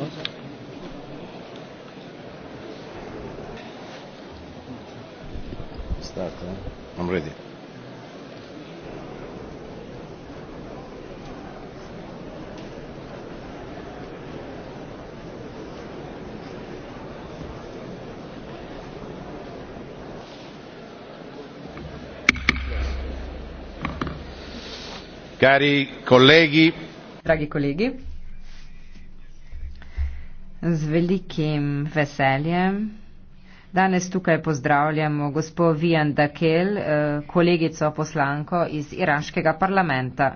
Eh? I'm ready. Cari colleghi, Draghi colleghi. Z velikim veseljem. Danes tukaj pozdravljamo gospod Vijan Dakel, eh, kolegico poslanko iz iraškega parlamenta.